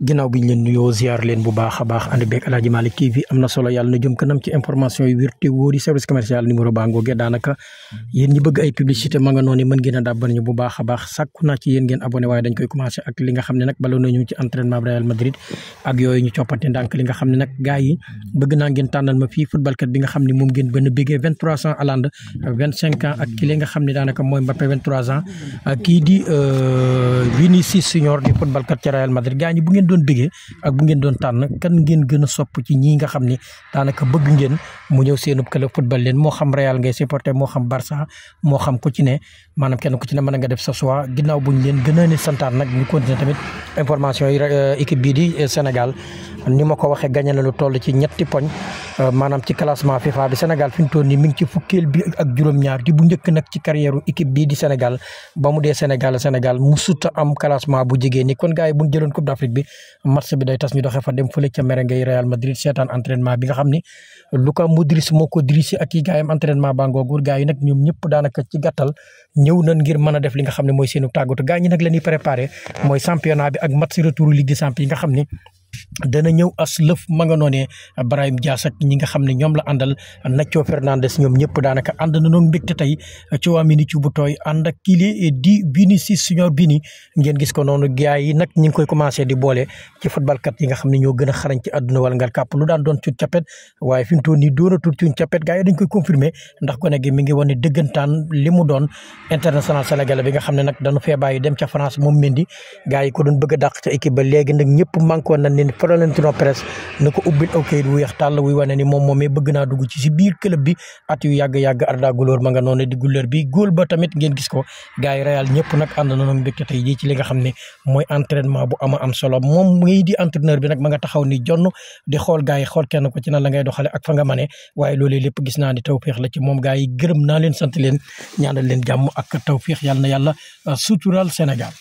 ginnaaw bi ñu leen nuyoo ziar leen bu baax a baax ànd beeg Aladji Malick TV am na ci information yi te wóor yi service commercial numéro baa ngoogee daanaka yéen ñi bëgg ay publicité ma nga noonu mën ngeen a dàbbal ñu bu baax a baax sàkku naa ci yéen ngeen abonné waaye dañ koy commencé ak nga xam ne nag bala nañu ci entraînement Real Madrid ak yooyu ñu coppante ndànk li nga xam ne nag gars bëgg naa nga ne moom doon bëggee ak bu ngeen doon tànn kan ngeen gën a sopp ci ñii nga xam ne daanaka bëgg ngeen mu ñëw seenub club football leen moo xam Real ngay supporter moo xam Barça moo xam ku ci ne maanaam kenn ku ci ne mën nga def sa choix ginnaaw buñ leen gën a santaan nag ñu continuer tamit information yi euh, équipe bii di euh, Sénégal ni ma ko waxee gagné na lu toll ci ñetti poñ Euh, maanaam ci classement fi mu toll nii mi ci fukkeel bi ak juróom-ñaar di bu njëkk nag ci carrière équipe bii di Sénégal ba mu dee Sénégal Sénégal musut a am classement bu jigéen kon gars bu ñu jëloon d'Afrique bi match bi day tas ñu doxee dem fële ca merengay Real Madrid seetaan entraînement bi nga xam ni Luka Modric moo ko dirisi ak yi gaayam entraînement ba ngoogur gars nag ñoom ñëpp daanaka ci gàttal ñëw nañ ngir dana ñëw as lëf ma nga noonee Brahim Diaz ñi nga xam ne ñoom la àndal Nacho Fernandez ñoom ñëpp daanaka ànd na noon noonu mbégte tey ci waa minute bu tooy ànd ak kii di Bini si Junior Bini ngeen gis ko noonu gars yi nag ñi ngi koy commencé di boole ci footballkat yi nga xam ne ñoo gën a xarañ ci àdduna wala ngal kàpp lu daan doon cuut capet waaye fi mu toll nii doonatul cuut capet gars yi dañ koy confirmer ndax gone gi mi ngi wane dëggantaan li mu doon international sénégalais bi nga xam ne nag dañu fee bàyyi dem ca France moom Mendy gars yi ko doon léegi nag ñëpp manqué ne ni Florentino Perez na ko ubbil aw kayit wu weex tàll wuy wane ni moom moomee bëgg naa dugg ci si biir club bi at yu yàgg-yàgg Arda Güler ma nga noonu di Güler bi góol ba tamit ngeen gis ko ga yi Real ñëpp nag ànd na noonu mbégte tey jii ci li nga xam ne mooy entraînement bu am solo moom ngay di entraîneur bi nag ma nga taxaw ni jonn di xool gars yi xool kenn ko ci nan la ngay doxale ak fa nga mane waaye loolee lépp gis naa ni tawféex la ci moom gars yi gërëm naa leen sant leen ñaanal leen jàmm ak tawféex yàlla na yàlla euh, suturaal Sénégal